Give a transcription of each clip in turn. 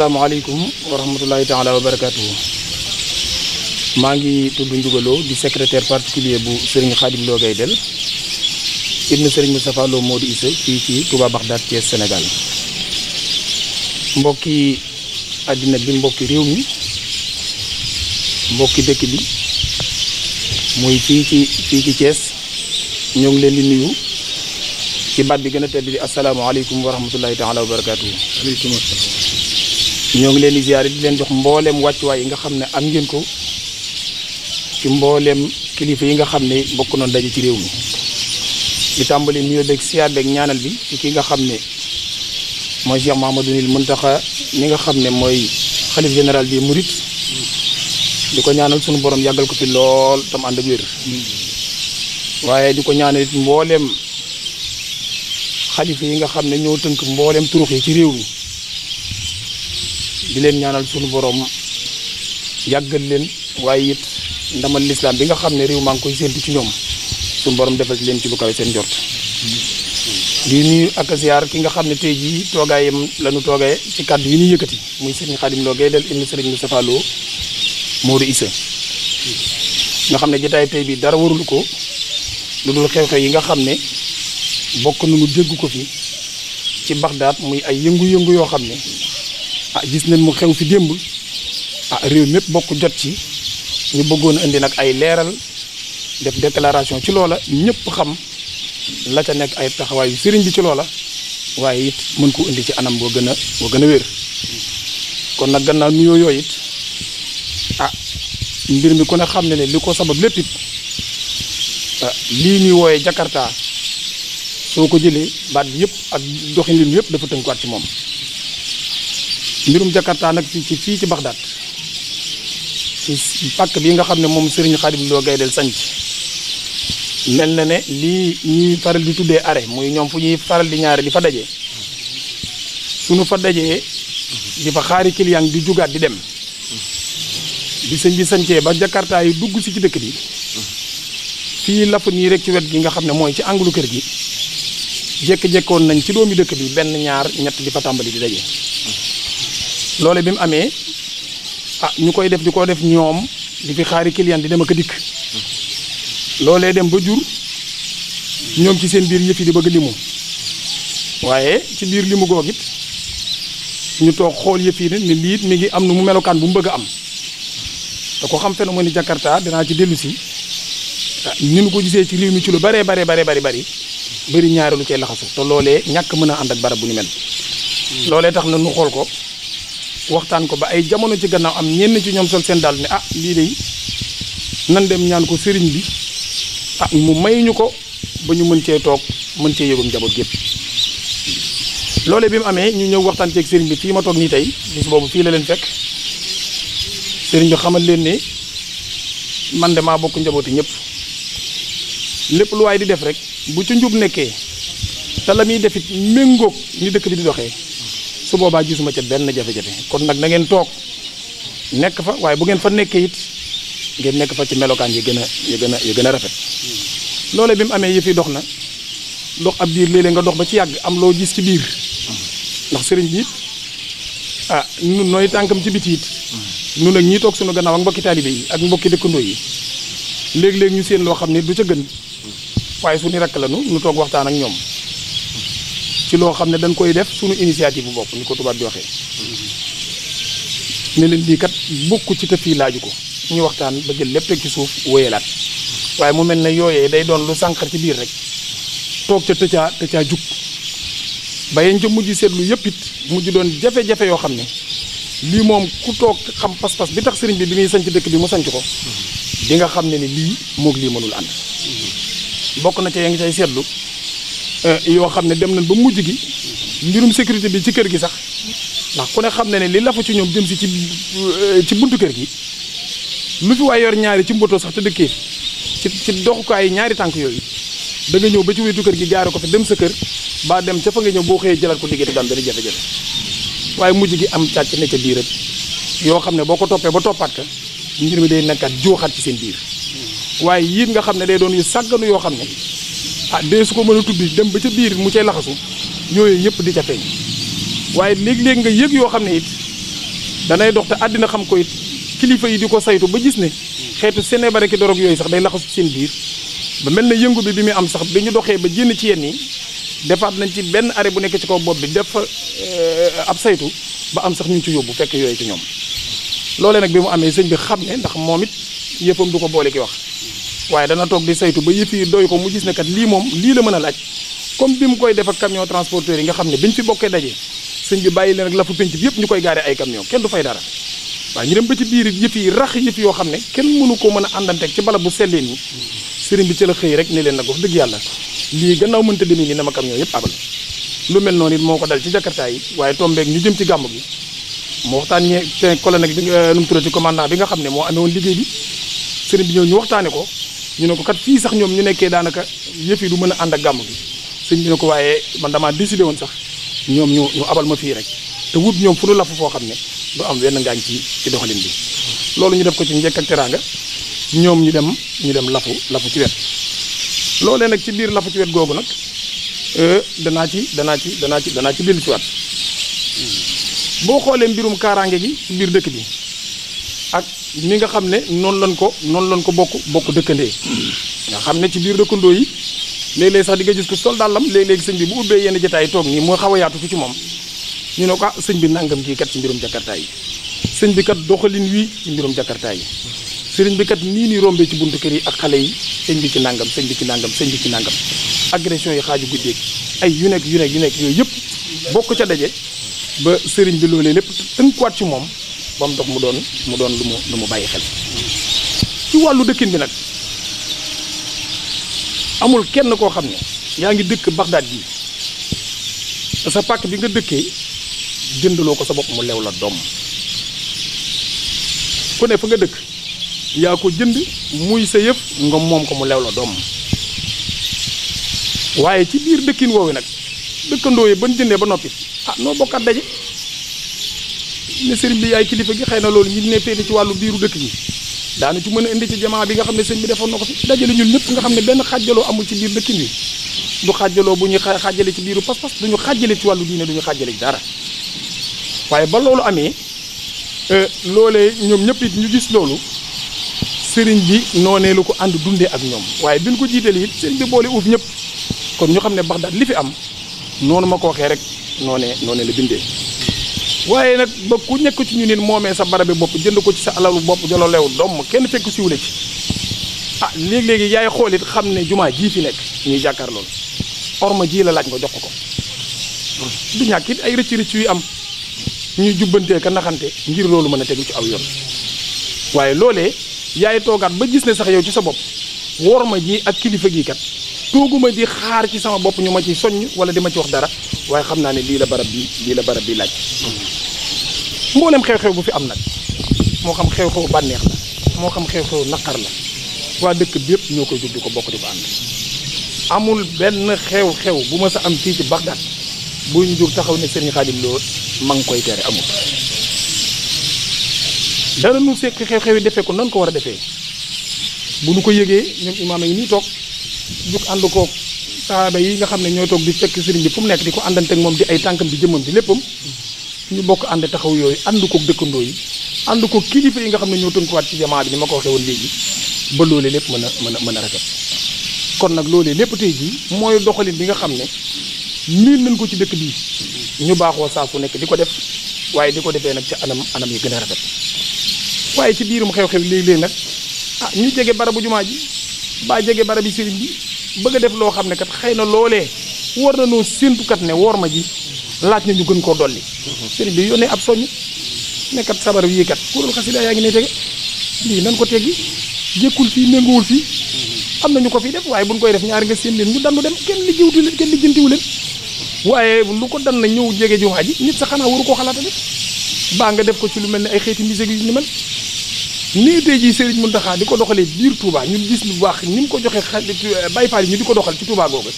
asalaamaaleykum wa rahmatulahi taala wa barakatuhu maa ngi tudd Ndiougaloo di secrétaire particulier bu Serigne Khadim Lo Gaydel ibnu Serigne Moustapha Lo Modou Issa fii ci Touba Bagdad Thiès Sénégal mbokki àddina bi mbokki réew mi mbokki dëkk bi muy fii ci fii ci Thiès ñoo ngi leen di nuyu ci baat bi gën a tedd di asalaamaaleykum wa rahmatulahi taala wa barakatuhu ñoo ngi leen di jaar di leen jox mbooleem wàccuwaay yi nga xam ne am ngeen ko ci mbooleem kilifa yi nga xam ne bokk noonu daje ci réew mi di tàmbali nuyoo beeg siyaar ñaanal bi ci nga xam ne mooy Cheikh Mouhamadoul Mountakha ñi nga xam ne mooy xalif général bi Mouride di ko ñaanal sunu borom yàggal ko fi lool tam ànd ak waaye di ko ñaanal it mbooleem xalifa yi nga xam ne ñoo tënk mbooleem turux yi ci réew mi di leen ñaanal sunu boroom yàggal leen waaye it ndamal lislaam bi nga xam ne réew maa ngi koy séentu ci ñoom sunu borom defal ci leen ci lu kawe seen jort di nuyu ak ki nga xam ne tey jii toogaayam la ñu toogee ci kàdd yi ñuy yëkkati muy loo gay Lo Gaydel ibn sëriñ Moustapha Lo Modou Issa nga xam ne jotaay tey bi dara warul ko lu dul xew-xew yi nga xam ne bokk nañu dégg ko fi ci Baxdaad muy ay yëngu-yëngu yoo xam ne. ah gis nañ mu xew fi démb ah réew mépp bokk jot ci ñu bëggoon a indi nag ay leeral def déclaration ci loola ñépp xam la ca nekk ay taxawaayu sëriñ bi ci loola waaye it mën ko indi ci anam boo gën a gën a wér kon nag gannaaw nuyoo yooyu it ah mbir mi ku ne xam ne ne li ko sabab lépp ah, lii ñuy wooyee Jakarta soo ko jëlee baat bi yëpp ak doxin wi yëpp dafa tënkuwaat ci moom. mbirum Jakarta nag ci fii ci Bagdad ci bi nga xam ne moom Serigne Khadim Lo Gaydel sanc mel na ne lii ñuy faral di tuddee arrêt muy ñoom fu ñuy faral di ñaare di fa dajee nu fa dajee di fa xaari client di jugaat di dem di sëñ bi sancee ba Jakarta yi dugg si ci dëkk bi fii lafu nii rek ci wet gi nga xam ne mooy ci anglu kër gi jekk-jekkoon nañ ci doomi dëkk bi benn ñaar ñett di fa tàmbali di daje loole bi mu amee a ah, ñu koy def di koo def ñoom di fi xaari client di dem ko a dikk loolee dem ba jur ñoom ci seen biir yëf yi di bëgg limu waaye ci biir limu goog it ñu toog xool yëf yi ne lii it mi ngi am na mu melokaan bu mu bëgg am te ko xam phénomène ni Jakarta danaa ci dellu si ah, ni ñu ko gisee ci réew mi ci lu baree baree baree bari bari bëri ñaareelu cee laxasu te loole ñàkk mën a ànd ak barab bu ñu mel hmm. loolee tax na nu xool ko waxtaan ko ba ay jamono ci gannaaw am ñenn ci ñoom sol seen daal ne ah lii de nan dem ñaan ko sëriñ bi ah mu may ñu ko ba ñu mën cee toog mën cee yëgum njaboot gépp loole bi mu amee ñu ñëw waxtaan ceeg sëriñ bi fii ma toog nii tey bis boobu fii la leen fekk sëriñ bi xamal leen ne man de maa bokk njabooti ñëpp lépp lu waay di def rek bu ci njub nekkee te la muy defit méngoog ni dëkk bi di doxee su boobaa gisuma ca benn jafe-jafe kon nag na ngeen toog nekk fa waaye bu ngeen fa nekkee it ngeen nekk fa ci melokaan yi gën a yi a yi gën a rafet loolee bi mu amee yëf yi dox na dox ab diir léeg nga dox ba ci yàgg am loo gis ci biir ndax sëriñ bi it ah nun nooy tànkam ci biti it nun ak ñii toog sunu gannaaw ak mbokki taalibe yi ak mbokki dëkkandoo yi léeg-léeg ñu seen loo xam ne du ca gën waaye suñu rakk la nu nu toog waxtaan ak ñoom ci loo xam ne dañ koy def suñu initiative bu bopp ni ko tubaab di waxee ne leen lii kat bokku ci te fii laaju ko ñu waxtaan ba jël lépp teg ci suuf wéyalaat waaye mu mel ne yooyee day doon sànqar ci biir rek toog ca tëcaa tëcaa jug ba yéen ca mujj seetlu yëpp it mujj doon jafe-jafe yoo xam ne lii moom ku toog xam pas-pas bi tax sëriñ bi bi muy sanc dëkk bi mu sañc ko di nga xam ne ni lii moog lii mënul ànd bokk na ca yaa ngi cay seetlu Euh, yoo xam ne dem nañ ba mujj gi mbirum sécurité bi ci kër gi sax ndax ku ne xam ne ne li lafa ci ñoom jëm si ci euh, ci buntu kër gi lu fi waay yor ñaari ci mboto sax te dëkkee ci ci doxukaay yi ñaari tànk yooyu da ñëw ba ci wetu kër gi jaare ko fi dem sa kër ba dem ca fa nga ñëw boo xëyee jëlaat ko liggéey daan dana jafe-jafe waaye mujj gi am càcc ne ca biir ak yoo xam ne boo ko toppee ba toppaat ka mbir mi day nekkaat jooxaat ci seen biir hmm. waaye yit nga xam ne day doon yu yoo xam ne ah dee su ko mën a tuddi dem ba ca biir mu cay laxasu yooyu yëpp di ca feeñ waaye léeg-léeg nga yëg yoo xam ne it danay dox te àddina xam ko it kilifa yi di ko saytu ba gis ne xeetu sene bare ki dorog yooyu sax day laxasu seen biir ba mel na yëngu bi bi muy am sax bi ñu doxee ba jénn ci yenn yi defaat nañ ci benn arrêt bu nekk ci kaw bopp bi def euh, ab saytu ba am sax ñu ci yóbbu fekk yooyu ci ñoom loolee nag bi mu amee sëñ bi xam ne ndax moom it yëppam du ko boole ki wax waaye dana toog di saytu ba yëf yi doy ko mu gis ne lii moom lii la mën a laaj comme bi mu koy def ak camion transporteur yi nga xam ne biñ fi bokkee daje sëñ bi bàyyi leen ak yëpp ñu koy gaare ay camion kenn du fay dara waaw ñu dem ba ci biir yoo xam ne kenn mënu ko mën a àndanteeg ci bala bu selleen yi sëriñ bi ci la xëy rek ne leen nag wax dëgg yàlla lii gannaaw mënta demee ni nama camion yëpp abal lu mel noonu it moo ko dal ci jakartaa yi waaye tombeeg ñu jëm ci gàmmu gi mu waxtaan ñe colonel bi euh, nu mu tuddati bi nga xam ne moo amee woon liggéey bi sëriñ bi ñoo ñu waxtaane ko ñu ne ko kat fii sax ñoom ñu nekkee daanaka yëf du mën a ànd ak gàmm gi sëñ bi ne ko waaye man damaa décidé woon sax ñoom ñu ñu abal ma fii rek te wut ñoom fu nu lafu foo xam ne du am wenn ngaañ ci ci doxalin bi loolu ñu def ko ci njëkk ak teraanga ñoom ñu dem ñu dem lafu lafu ci wet loolee nag ci biir lafu ci wet googu nag euh, danaa ci danaa ci danaa ci danaa ci dellu ci boo xoolee mbirum kaaraange gi ci biir dëkk bi ni nga xam ne noonu lañ ko noonu lañ ko bokk bokk dëkkandee nga xam ne ci biir dëkkandoo yi léeg-léeg sax di nga gis ko sol dàllam léeg sëñ bi bu ubbee yenn jotaay toog nii mooy xaw a yaatu ci moom ñu ne ko ah sëñ bi nangam kii kat ci mbirum jakartaa yi sëñ bi kat doxalin wii ci mbirum yi sëriñ bi kat nii nii rombee ci buntu kër yi ak xale yi sëñ bi ci nangam sëñ bi ci nangam sëñ bi ci nangam agression yi xaaju guddee ay yu nekk yu nekk yu nekk yooyu yëpp bokk ca daje ba sëriñ bi loolee lépp tënkuwaat ci moom ba mu mu doon mu doon lu mu lu mu bàyyi xel ci wàllu dëkkin bi nag amul kenn koo xam ne yaa ngi dëkk Baxdaad gi sa pàkk bi nga dëkkee jëndloo ko sa bopp mu lew la doom ku ne fa nga dëkk yaa ko jënd muy sa yëf nga moom ko mu lew la doom waaye ci biir dëkkin woowu nag dëkkandoo yi ban jëndee ba noppi ah noo bokkaat daje ne sëriñ bi yaay kilifa gi xëy na loolu ñi ne féete ci wàllu biiru dëkk bi daanu ci mën a indi ci jamaa bi nga xam ne sëñ bi defoon na ko fi dajale ñun ñëpp nga xam ne benn xaajaloo amul ci biir dëkkin bi du xaajaloo bu ñuy xaajale ci biiru pas-pas duñu xaajale ci wàllu diine duñu xaajale ci dara waaye ba loolu amee euh, loolee ñoom ñëpp it ñu gis loolu sëriñ bi noonee lu ko ànd dundee ak ñoom waaye biñ ko jiitalee it sëriñ bi boole uuf ñëpp kon ñu xam ne Baxdaad li fi am noonu ma ko waxee rek noonee noonee la bindee waaye nag ba ku nekk ci ñu nit moomee sa barabi bopp jënd ko ci sa alalu bopp jolo lew doom kenn fekk siwle ci ah léegi-léegi yaay xool it xam ne jumaa jii fi nekk ñuy jàkkaar loolu orma jii la laaj nga jox ko du ñàkk it ay rëcc rëcc yu am ñuy jubbantee ka naxante ngir loolu mën a tegu ci aw yoon waaye loolee yaay toogaat ba gis ne sax yow ci sa bopp worma ji ak kilifa gii kat tooguma di xaar ci sama bopp ñu ma ci soññ wala di ma ci wax dara waaye xam ne lii la barab bi lii la barab bi laaj mboolem xew-xew bu fi am nag moo xam xew-xew bànneex la moo xam xew-xew naqar la waa dëkk bi yëpp ñoo koy jóg di ko bokk di ko ànd amul benn xew-xew bu ma sa am fii ci Bagdad bu ñu jur taxaw ne Serigne Khadim Lo ma ngi koy tere amul dara nu sekk xew-xew yi defee ko nan ko war a defee bu nu ko yëgee ñoom imaam yi nii toog jug ànd koog saaba yi nga xam ne ñoo toog di fekk Serigne fu mu nekk di ko àndante moom di ay tànkam di jëmmam di léppam ñu bokk ànd taxaw yooyu ànd ko dëkkandoo yi ànd ko kilifa yi nga xam ne ñoo tënkuwaat ci jamaa bi ni ma ko waxee woon léegi ba loole lépp mën a mën a mën a rafet kon nag loole lépp tey jii mooy doxalin bi nga xam ne miin nañ ko ci dëkk bii ñu baaxoo saa su nekk di ko def waaye di ko defee nag ci anam anam yi gën a rafet waaye ci biirum xew-xew léeg-léeg nag ah ñu jege barabu jumaa ji baa jege barabu sëriñ bi bëgg a def loo xam ne kat xëy na loolee war na noo séntukat ne woor ma ji laaj na ñu gën koo dolli. sëriñ bi yoonee ab soññ nekkat sabar yii kat kuréel xasida yaa ngi ne tege lii nan ko teggi jékkul fii méngoowul fii am na ñu ko fii def waaye buñ koy def ñaari nga seen leen ñu dandu dem kenn lijjiwtu leen kenn lijjantiwu leen waaye lu ko dan na ñëw jege jumaa ji nit sa xanaa waru koo xalaata def baa nga def ko ci lu mel ni ay xeeti musique yu ni mel nii tey jii Serigne Mountakha di ko doxalee biir tuubaa ñun gis lu baax ni mu ko joxe Baye Fall yi ñu di ko doxal ci Touba googu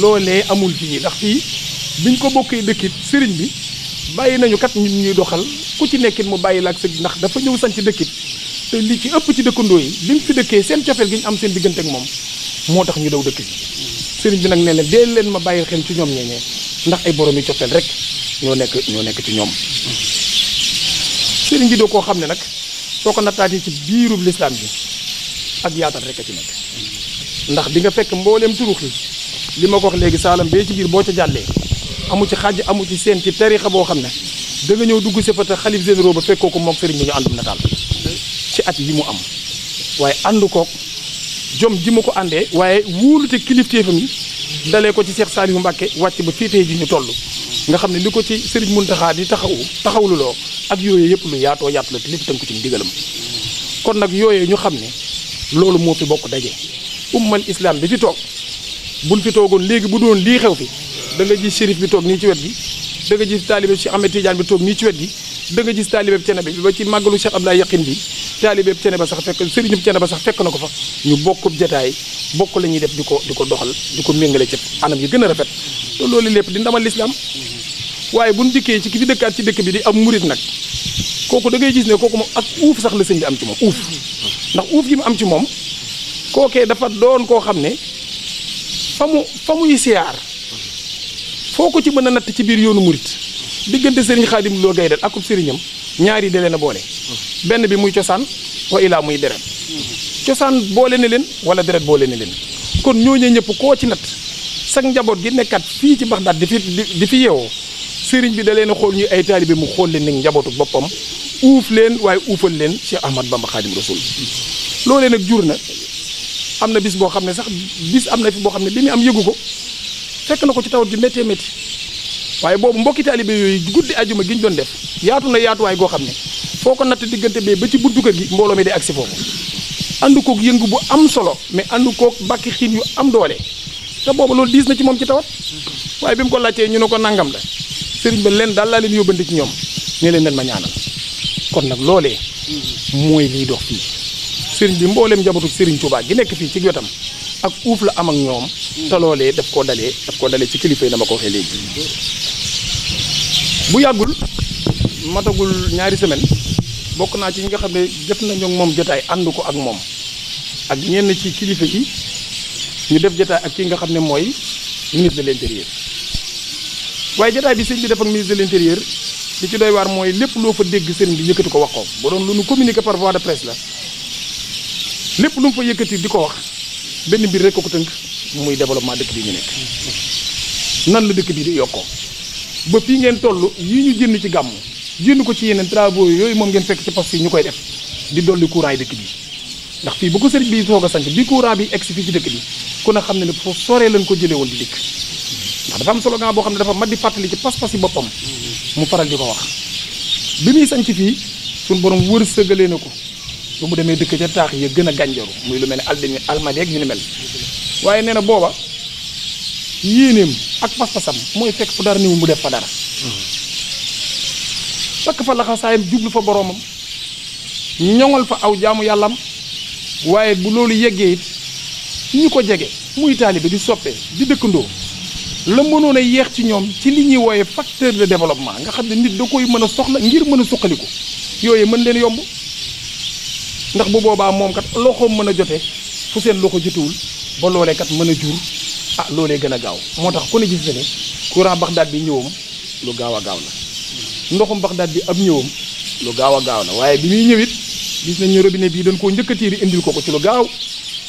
loolee amul fii ndax fii biñ ko bokkee dëkkit sëriñ bi bàyyi nañu kat ñun ñuy doxal ku ci nekkit mu bàyyi la ak sëg ndax dafa ñëw sanc dëkkit te li ci ëpp ci dëkkandoo yi li mu fi dëkkee seen cofeel gi ñu am seen diggante ak moom moo tax ñu daw dëkk bi sëriñ bi nag ne leen dee leen ma bàyyi xel ci ñoom ñeeñee ndax ay borom yi cofeel rek ñoo nekk ñoo nekk ci ñoom sëriñ bi doo koo xam ne nag soo ko nattaatee ci biirub lislaam bi ak yaatal rek a ci nekk ndax dinga nga fekk mbooleem turux yi li ma ko wax léegi saalam bee ci boo ca jàllee amu ci xaaj amu ci seen ci tariixa boo xam ne da ñëw dugg si fa xalif généraux ba fekkoo ko moom sëriñ bi ñu àndum nataal ci at yi mu am waaye ànd koog jom ji ma ko àndee waaye wóolute kilifteefam yi dalee ko ci Cheikh Saliou Mbacke wàcc ba fii tey ji ñu toll nga xam ne li ko ci sëriñ mun Muntaxa di taxawu taxawluloo ak yooyu yëpp lu yaatoo yaatu la te tam ko ci ndigalam kon nag yooyu ñu xam ne loolu moo fi bokk daje ummal islaam bi fi toog buñ fi toogoon léegi bu lii xew fi da nga gis shérif bi toog nii ci wet gi da nga gis taalibe Cheikh Ahmed Tidiane bi toog nii ci wet gi da nga gis taalibe cene bi ba ci màggalu Cheikh Abdoulaye Yaqin bi taalibe cene ba sax fekk sëriñub cene ba sax fekk na ko fa ñu bokkub jataay bokk la ñuy def di ko di ko doxal di ko méngale ci anam yi gën a rafet te loolu lépp di ndamal lislaam waaye buñ dikkee ci ki fi dëkkaat ci dëkk bi di am murit nag kooku da ngay gis ne kooku moom ak uuf sax la sëñ bi am ci moom uuf ndax uuf gi mu am ci moom kookee dafa doon koo xam ne fa mu fa muy siyaar foo ko ci mën a natt ci biir yoonu murit diggante sëriñ xaadim loo gay dal akub sëriñam ñaari da a boole benn bi muy cosaan wa ilaa muy deret cosaan boole ne leen wala deret boole na leen kon ñooñu ñëpp koo ci natt sag njaboot gi nekkat fii ci Baxdaad di di fi yeewoo sëriñ bi da leen a xool ñuy ay taalibe mu xool leen njabootu boppam uuf leen waaye uufal leen Cheikh Ahmad Bamba Xaadim Rasul loolee nag jur na am na bis boo xam ne sax bis am na fi boo xam ne bi mu am yëgu ko fekk na ko ci tawat ju méttee métti waaye boobu mbokki taalibe yooyu guddi ajuma gi ñu doon def yaatu na yaatuwaay goo xam ne foo ko natt diggante bee ba ci buntu kër gi mbooloo mi day agsi foofu ànd koog yëngu bu am solo mais ànd koog bàkki xiin yu am doole te boobu loolu diis na ci moom ci tawat waaye bi ko laajtee ñu ne ko nangam la sëriñ ba leen daal laa leen yóbbante ci ñoom ne leen nan ma ñaanal kon nag loolee mm-hmm. mooy liy dox fii sëriñ bi mbooleem njabootu sëriñ Tuubaa gi nekk fii ci wetam ak uuf la am ak ñoom hmm. te loolee daf koo dalee daf koo dalee ci kilifa yi dama ko waxee léegi bu yàggul matagul ñaari semaine bokk naa ci ñi nga xam ne jot nañu moom jotaay ànd ko ak moom ak ñenn ci kilifa yi ñu def jotaay ak ki nga xam ne mooy ministre de l'intérieur waaye jotaay bi sëñ bi def ak ministre l'intérieur li ci doy waar mooy lépp loo fa dégg sëriñ bi yëkkati ko wax ko bu doon lu nu communiqué par voie de presse la lépp lu mu fa yëkkati di ko wax benn mbir rek ko tënk muy développement dëkk bi ñu nekk nan la dëkk bi di yokkoo ba fii ngeen toll yii ñu jënd ci gàmm jënd ko ci yeneen travaux yooyu moom ngeen fekk ci poste yi ñu koy def di dolli courant yi dëkk bi ndax fii bu ko sëriñ bi soog a sanc bi courant bi egsi fii ci dëkk bi ku ne xam ne ne foofu soree leen ko jëlee woon di dëkk ndax dafa am slogan boo xam ne dafa mat di fàttali ci pas-pas yi boppam mu faral di ko wax bi muy sanc fii suñu borom wër sëgalee na ko ba mu demee dëkk ca taax ya gën a gànjaru muy lu mel ne aldemi almadeeg yu ni mel waaye nee na booba yéeneem ak pas-pasam mooy fekk fu dara néew mu def fa dara takk fa laxasaayam jublu fa boroomam ñoŋal fa aw jaamu yàllam waaye bu loolu yeggee it ñu ko jege muy taalibe di soppee di dëkkandoo la mënoon a yeex ci ñoom ci li ñuy wooye facteur de développement nga xam ne nit da koy mën a soxla ngir mën a suqaliku yooyu mën leen yomb ndax bu boobaa moom kat loxoom mën a jote fu seen loxo jotuwul ba loolee kat mën a jur ah loolee gën a gaaw moo tax ku ne gis ne courant Baxdaad bi ñëwam lu gaaw a gaaw la ndoxum Baxdaad bi am ñëwam lu gaaw a gaaw la waaye bi muy ñëwit gis nañ ne robinet bii dañ koo njëkk a tiiri indil ko ko ci lu gaaw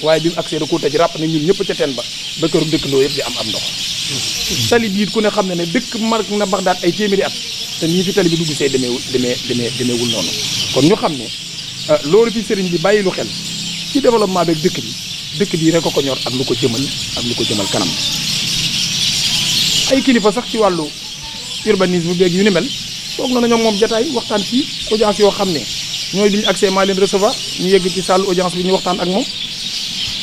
waaye bi mu accès da koo tëj ràpp na ñun ñëpp ca teen ba ba dëkk dëkkandoo yëpp di am am ndox tali biit ku ne xam ne ne dëkk mark na Baxdaad ay téeméeri at te nii fi bi dugg see demee demee demee demeewul noonu kon ñu xam ne Euh, loolu fi sëriñ bi bàyyi lu xel ci développement beeg dëkk bi dëkk bi rek a ko ñor ak lu ko jëmal ak lu ko jëmal kanam ay kilifa sax ci wàllu urbanisme beeg yu ni mel toog na ñoom moom jataay waxtaan fii audience yoo xam ne ñooy bi ñu accès maa leen ñu yegg ci salle audience bi ñu waxtaan ak moom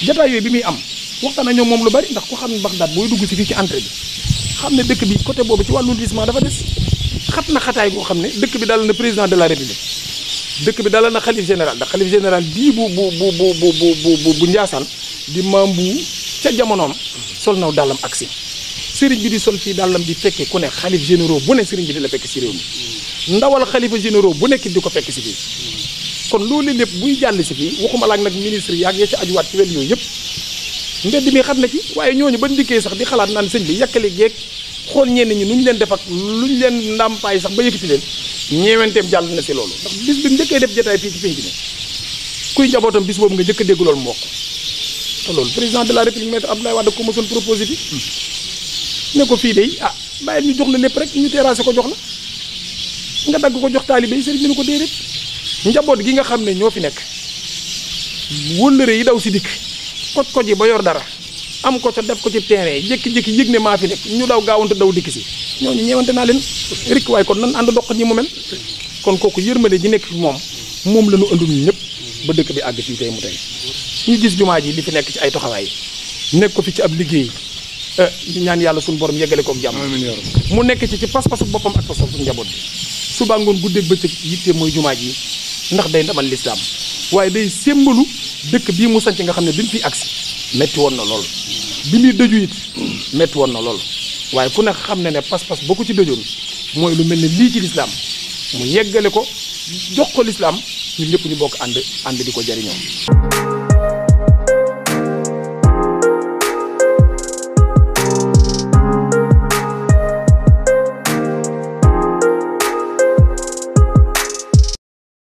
jataay yooyu bi muy am waxtaan ak ñoom moom lu bari ndax ku xam ne Bagdad booy dugg ci ci entrée bi xam ne dëkk bi côté boobu ci wàllu lotissement dafa des xat na xataay boo xam ne dëkk bi dal na président de la république dëkk bi dalal na xalif général ndax xalif général bii bu bu bu bu bu bu Njaasaan di maam bu ca jamonoom sol naw dàllam ak si sëriñ bi di sol fii dàllam di fekke ku ne xalif généraux bu ne sëriñ bi di la fekk si réew mi ndawal xalifa généraux bu nekk di ko fekk si fii kon loolu lépp buy jàll si fii waxuma laak nag ministre yaag ya ci ajuwaat ci wel yooyu yëpp mbedd mi xam na ci waaye ñooñu ba ndikkee sax di xalaat naan sëñ bi yàkkali geeg xool ñenn ñi nu ñu leen def ak lu ñu leen ndàmpaay sax ba ci leen ñeewenteem jàll na si loolu ndax bis bi njëkkee def jotaay fii ci pénc mi kuy njabootam bis boobu nga jëkk a dégg loolu mu ko loolu président de la république maître lay Wade ko mosoon proposé bi hmm. ne ko fii de ah bàyyi ñu jox la lépp rek ñu terrassé ko jox la nga dagg ko jox taalibe yi sëriñ bi ne ko déedéet njaboot gi nga xam ne ñoo fi nekk wëllëre yi daw si dikk koj koj yi ba yor dara am ko ca def ko ci terrain jékki-jékki yëg ne maa fi nekk ñu daw gaawante daw dikk si ñooñu ñeewante naa leen rek waaye kon nan ànd dox ñi mu mel kon kooku yërmande ji nekk fi moom moom la ñu andul ñëpp ba dëkk bi àgg fii mu tey ñu jumaa ji li fi nekk ci ay toxawaay nekk fi ci ab liggéey ñu eh, ñaan yàlla suñu borom yeggale ko ak jàmm mu nekk ci ci pas-pasu boppam ak pas pasu njaboot bi suba ngoon guddeeg bëccëg yitte mooy jumaa ji ndax day ndamal lislaam waaye day sémbalu dëkk bii mu sanc nga xam ne bi mu fi agsi metti woon na lool bi muy dëju it metti woon na lool waaye ku ne xam na ne pas-pas boo ko ci dojoon mooy lu mel ne lii ci lislaam mu yeggale ko jox ko lislaam ñun ñëpp ñu bokk ànd ànd di ko jariñoo